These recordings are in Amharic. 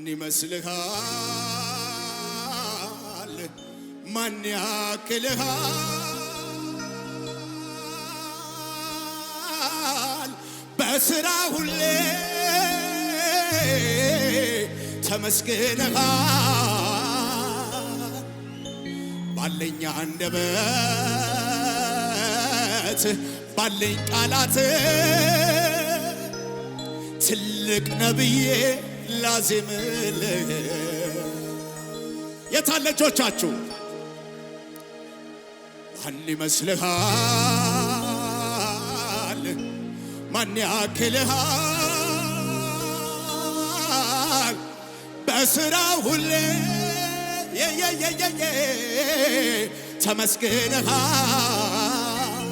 ማን ይመስልሃል? ማን ያክልሃል? በስራ ሁሌ ተመስግነሃል። ባለኝ አንደበት ባለኝ ቃላት ትልቅ ነብዬ ላዜምልህ የታለ እጆቻችሁ ማን ይመስልሃል? ማን ያክልሃል? በስራ ሁሌ የየየየየ ተመስግንሃል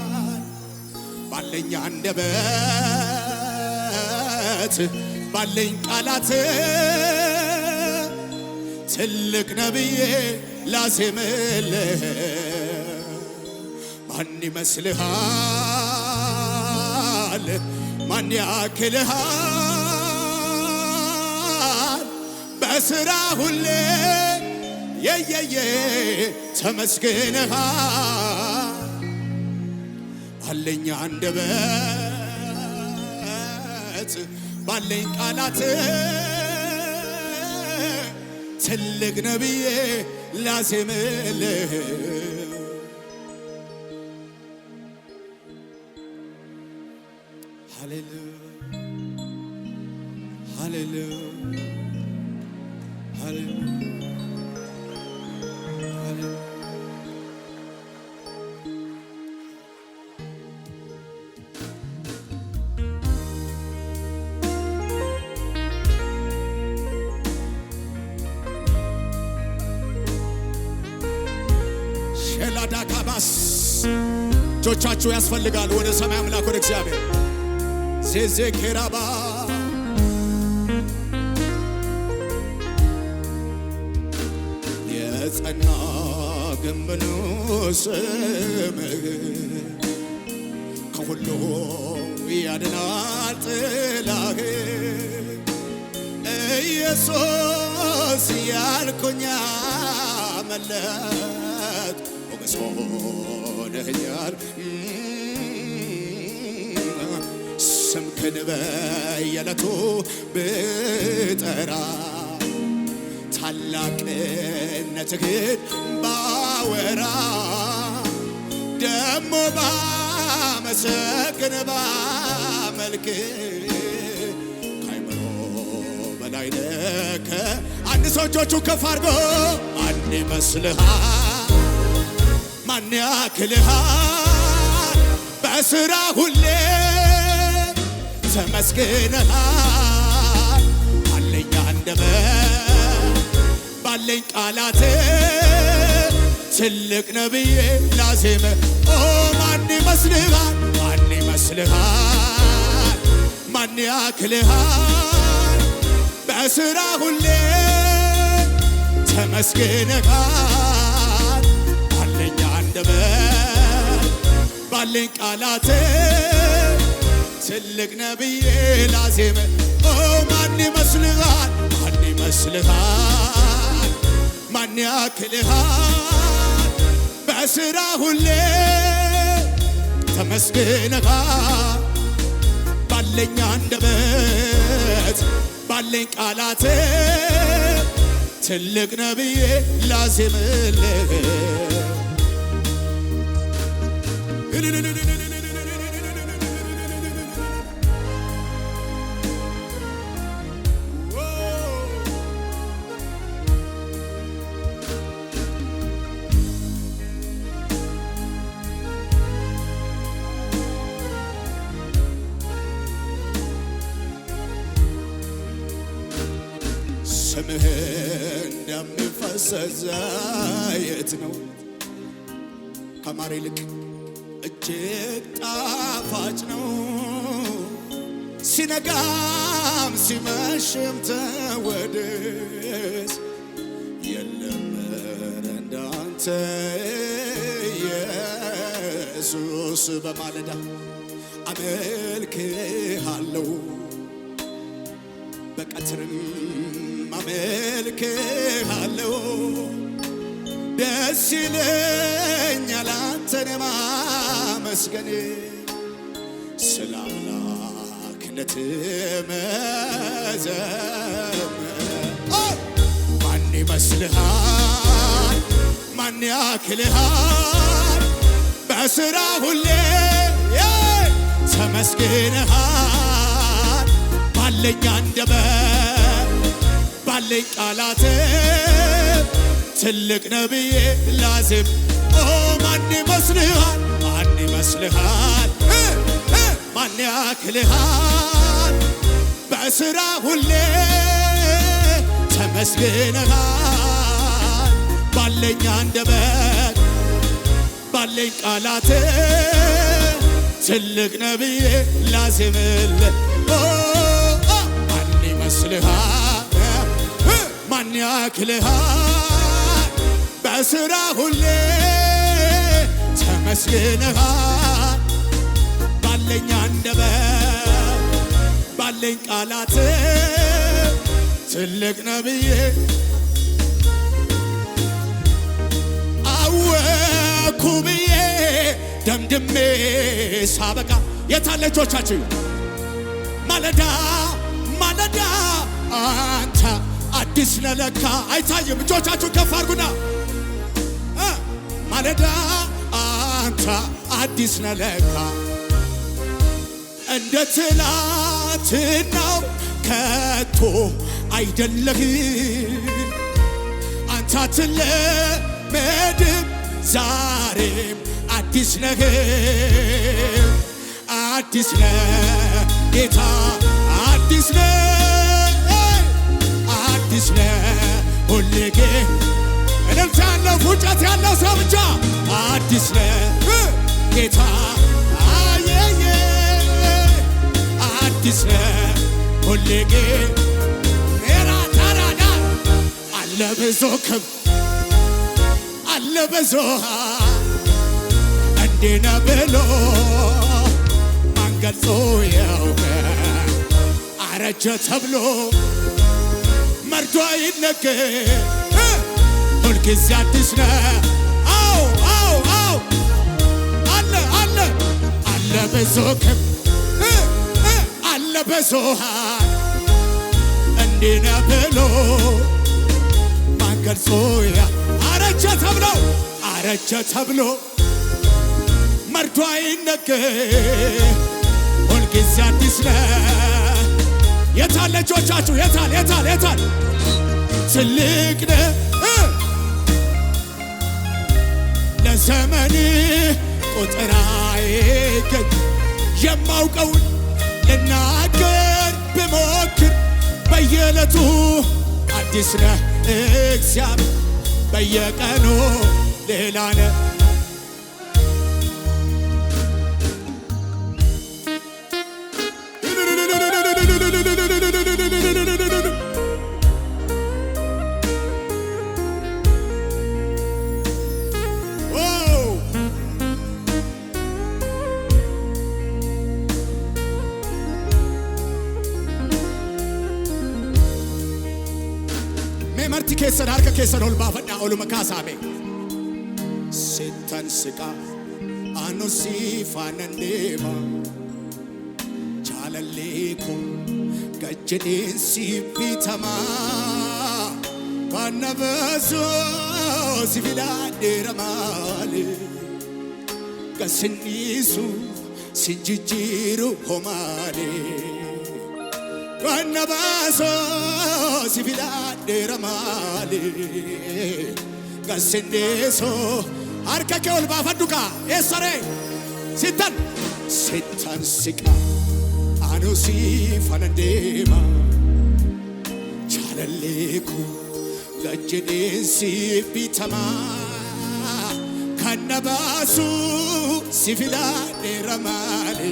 ባለኛ አንደበት ባለኝ ቃላት ትልቅ ነብዬ ላዜምል ማን ይመስልሃል? ማን ያክልሃል? በስራ ሁሌ የየየ ተመስግንሃል ባለኛ አንደበት ባለኝ ቃላት ትልቅ ነብዬ ላዜምልህ ሃሌሉያ ሃሌሉያ እጆቻችሁ ያስፈልጋሉ ወደ ሰማይ አምላክ ወደ እግዚአብሔር ዜዜ ኬራባ የጸና ግምኑ ስምህ ከሁሉ ያድናል ጥላህ ኢየሱስ ያልኩኛ መለት ደርሶ ስምክን ብጠራ ታላቅነት ግን ባወራ ደሞ ባመሰግን ባመልክ በላይ ነከ አንድ ሰው ከፍ አድርጎ አንድ ይመስልሃል ማን ያክልሃል በስራ ሁሌ ተመስግነሃል አለኝ አንደበት ባለኝ ቃላት ትልቅ ነብዬ ላዜመ ኦ ማን ይመስልሃል ማን ይመስልሃል ማን ያክልሃል በስራ ሁሌ ተመስግነሃል ተደመደመ ባለኝ ቃላት ትልቅ ነብዬ ላዜመ ማን ይመስልሃል ማን ይመስልሃል ማን ያክልሃል በስራ ሁሌ ተመስግነሃ ባለኝ አንደበት ባለኝ ቃላት ትልቅ ነብዬ ላዜምልህ ስምህ እንደሚፈሰስ ዘይት ነው ከማር ይልቅ እጅግ ጣፋጭ ነው ሲነጋም ሲመሽም ተወደስ የለም እንዳንተ ኢየሱስ በማለዳ አመልክሃለሁ በቀትርም አመልክሃለሁ ደስ ይለኛል ያደርገኛል አንተን ማመስገን ስለ አምላክነት መዘመር ማን ይመስልሃል? ማን ያክልሃል? በስራ ሁሌ ተመስግንሃል። ባለኝ አንደበት ባለኝ ቃላት ትልቅ ነብዬ ላዜም ይመስልሃል? ማን ይመስልሃል? ማን ያክልሃል? በስራ ሁሌ ተመስግነሃል። ባለኝ አንደበት ባለኝ ቃላት ትልቅ ላዜምል ማን ይመስልሃል? ማን ያክልሃል? በስራ ሁሌ አመስግንሃል ባለኝ አንደበት ባለኝ ቃላት ትልቅ ነብዬ አወኩ ብዬ ደምድሜ ሳበቃ የታለቾቻችሁ ማለዳ ማለዳ አንተ አዲስ ነለካ አይታይም። እጆቻችሁን ከፍ አድርጉና ማለዳ አዲስ ነለካ እንደ ትላትናው ከቶ አይደለህም አንተ አትለመድም ዛሬም አዲስ ነህ አዲስ ነህ ጌታ አዲስ ነህ አዲስ ነህ ሁልጌ እልልታ ያለው ፉጨት ያለው ሰው ብቻ አዲስ ነህ ጌታ አየየ አዲስ ሁሌጌ ሜራ ታራዳ አለ ብዙ ክብ አለ ብዙ እንዲነ ብሎ ማንገልጾ ያውቀ አረጀ ተብሎ መርዶ ይነገር ሁልጊዜ አዲስ ነ አልበዞክም አልበዞሃ እንዲህ ነው ብሎ ማንገልጾያ አረጀ ተብሎ አረጀ ተብሎ መርዶ አይነገር ሁልጊዜ አዲስ ነ የታል ልጆቻችሁ? የታል የታል የታል ትልቅ ነ ለዘመን ቁጥር አይገኝም የማውቀውን ልናገር ብሞክር በየዕለቱ አዲስ ነህ እግዚአብሔር በየቀኑ ሌላ ነህ ኦሎል ባፈዳ ኦሉ መካሳቤ ሲተንስቃ አኑሲ ቻለሌኮ ገጅዴንሲ ቢተማ ባነበሶ ሲፊላዴረማል ቀስኒሱ ሲንጅጅሩ ሆማሌ Gannabaso si filadheera maali gassendeeso harka kee ol baafadhu gaa eessaree sittan sittan siqa anu si fana deema jaalallee koo gajjedheensi bitamaa kannabaasu si filadheera maali.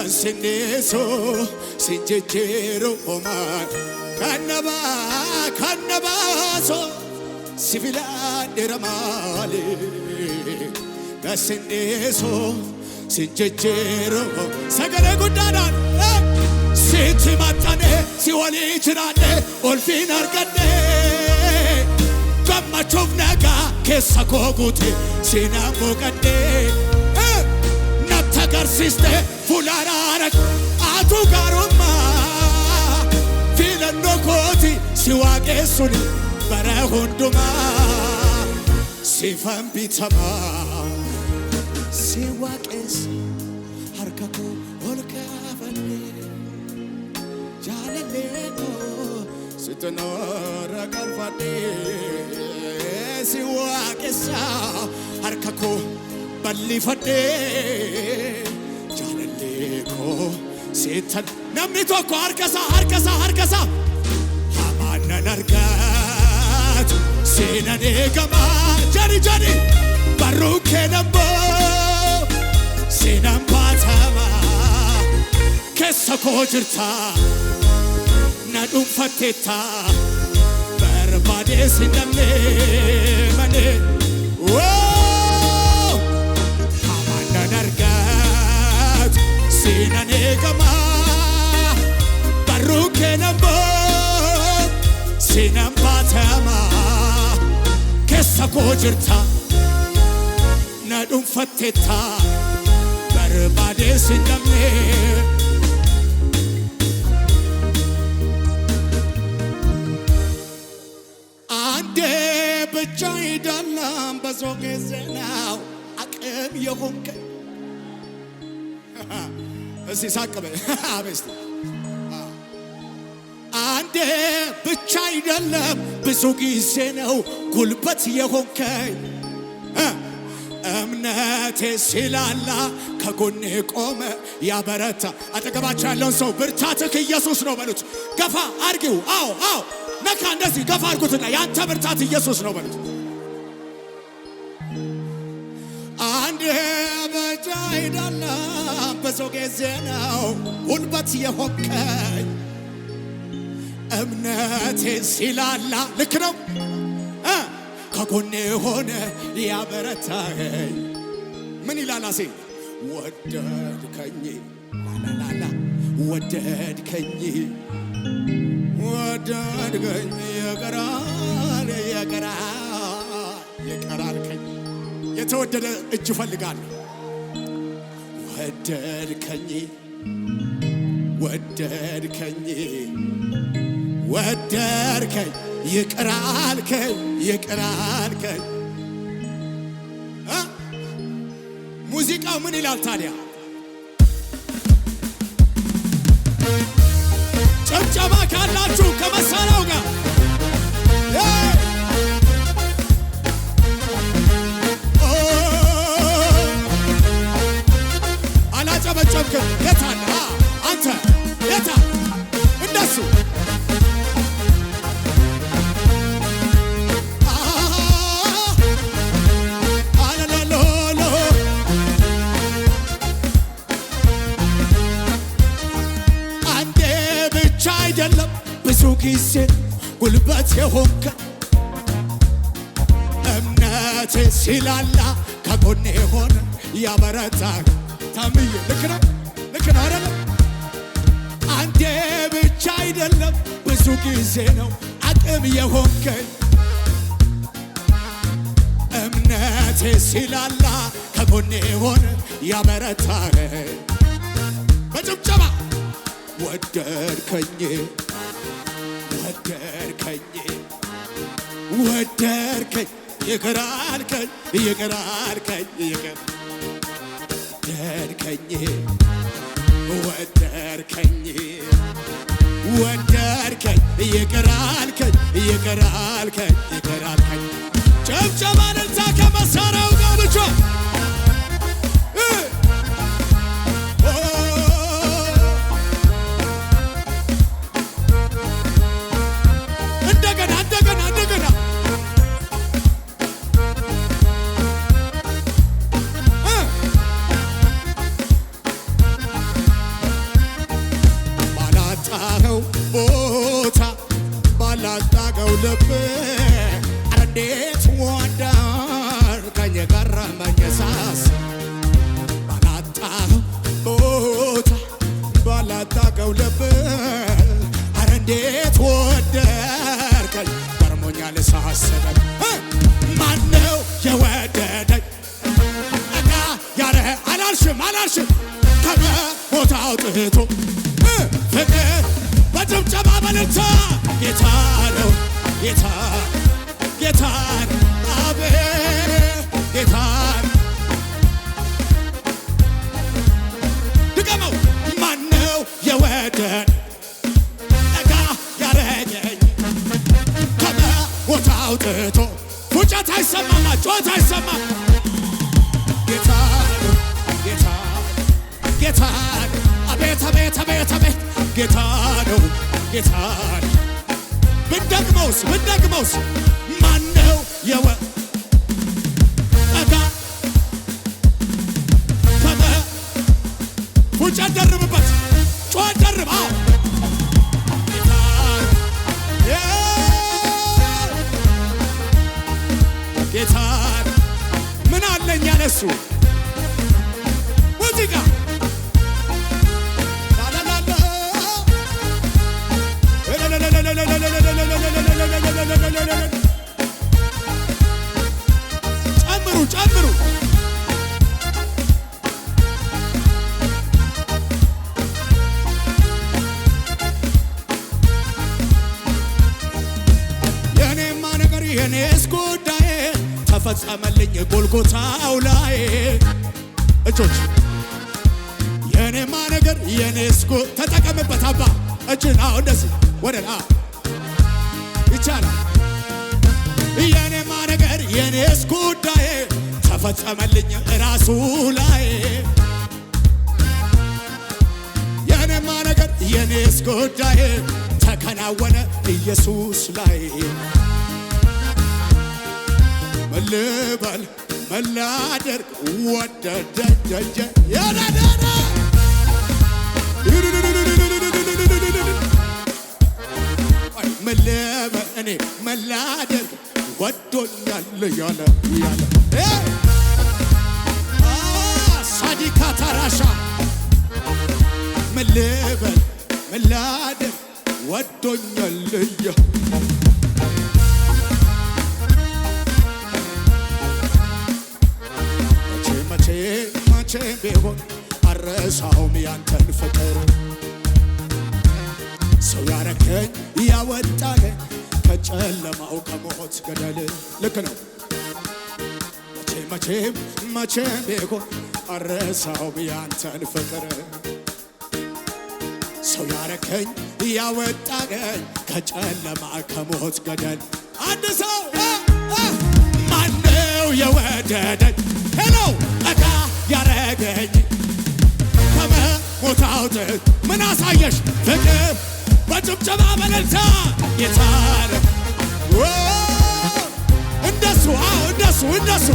canseneso sinjejero oman kannaba kannabaso sibiladera male canseneso sinjejero sagale gudadan sitti matane siwali jirane olfin argadne gammachuuf nagaa keessa koo guute siinaan gooqadhee esiste fuulaanaan atu gaarummaa fi lannoo kooti si waaqessuun bara hundumaa si fanbitamaa si waaqessu harka koo ol kaafannee jaalallee koo sitti noora galfannee si waaqessaa harka koo bal'ifannee. ሴተን ነሚቶ እኮ አርከሳ አርከሳ አርከሳ አማነን አርገት ሲነኔ ገማ ጀኒ ጀኒ በሩኬ ነቦ ሲነን ባተማ ከሰኮ ጅርታ ነዱን ፈቴታ በርባዴ ሲነኔ መኔ sinane gama baruke nambo sinan batama keessa koo jirta na dhuunfattetta barbaadee si dhabne አንዴ ብቻ ሂዳና በዞ ጊዜ ነው አቅም የሆንከ እስቲ ሳቅ በል። አቤት አንዴ ብቻ አይደለም ብዙ ጊዜ ነው ጉልበት የሆንከኝ እምነቴ ሲላላ ከጎኔ ቆመ ያበረታ። አጠገባቸው ያለውን ሰው ብርታትህ ኢየሱስ ነው በሉት። ገፋ አርጊው። አዎ አዎ፣ ነካ። እንደዚህ ገፋ አርጉትና ያንተ ብርታት ኢየሱስ ነው በሉት። በዞጌ ዜናው ጉልበት የሆንከኝ እምነቴ ሲላላ ልክ ነው ከጎኔ የሆነ ያበረታኸኝ ምን ይላል አሴ ወደድከኝ ወደድከኝ ወደድከኝ የቀራል የቀራል የቀራልከኝ የተወደደ እጅ እፈልጋለሁ ወደድከኝ ወደድከኝ ወደድከኝ ይቅር አልከኝ ይቅር አልከኝ። ሙዚቃው ምን ይላል ታዲያ? ጨብጨባ ካላችሁ ከመሳሪያው ጋር እያጨብክን የታለ አንተ የታ እንደሱ አንዴ ብቻ አይደለም ብዙ ጊዜ ጉልበት የሆንከ እምነት ሲላላ ከጎኔ የሆነ ያበረታል ታምዬ ልክ ነው ልክ ነው አይደለም። አንቴ ብቻ አይደለም ብዙ ጊዜ ነው አቅም የሆንከኝ እምነቴ ሲላላ ከጎኔ ሆነ ያበረታለ በጭብጨባ ወደድከኝ ወደድከኝ ወደድከኝ ይቅር አልከኝ ይቅር አልከኝ ይቅር ወደድከኝ ወደድከኝ ወደድከኝ ይቅር አልከኝ ይቅር አልከኝ ይቅር አልከኝ ጨብጨባ ለዛ ከመሳሪያው ጋር ብቻ አለታ ጌታ ነው ጌታ ጌታ አቤ ጌታ ድገመው ማነው የወደን ጠጋ ያረገኝ ከቦታ አውጥቶ ፉጨት አይሰማማ ጩኸት አይሰማ ጌታ ነው ጌታ ጌታ አቤት አቤት አቤት አቤት ጌታ ነው ጌታ ብንደግመውስ ብንደግመውስ ማነው የወ የኔስ ጉዳዬ ተፈጸመልኝ ጎልጎታው ላይ እጆች የኔማ ነገር የኔስ ተጠቀምበት አባ እጅና እንደዚህ ወደላ ይቻላል የኔማ ነገር የኔስ ጉዳዬ ተፈጸመልኝ ራሱ ላይ የኔማ ነገር የኔስ ጉዳዬ ተከናወነ ኢየሱስ ላይ ልበል መላደር ወደደጀጀ የነደረ ምን ልበል እኔ መላደር ወዶኛል ያለ ያለ ሳዲካ ታራሻ ምን ልበል መላደር ወዶኛል እያ መቼም ቢሆን አረሳውም ያንተን ፍቅር ሰው ያረከኝ ያወጣኝ ከጨለማው ከሞት ገደል ልክ ነው። መቼም መቼም መቼም ቢሆን አረሳውም ያንተን ፍቅር ሰው ያረከኝ ያወጣኝ ከጨለማ ከሞት ገደል አንድ ሰው ማነው የወደደኝ ሄሎ ያረገኝ ከመሞት አውጥቶ ምን አሳየሽ ፍቅር በጭብጨባ በለልታ የታረ እንደሱ እንደሱ እንደሱ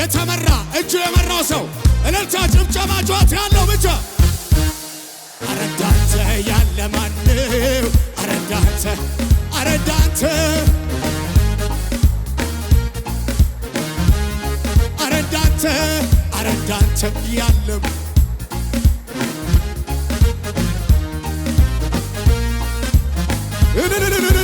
የተመራ እጁ የመራው ሰው እልልታ ጭብጨባ ጨዋታ ያለው ብቻ አረዳንተ ያለ ማነው? አረዳንተ አረዳንተ አረዳንተ አረዳንተ ያለ እልልልልል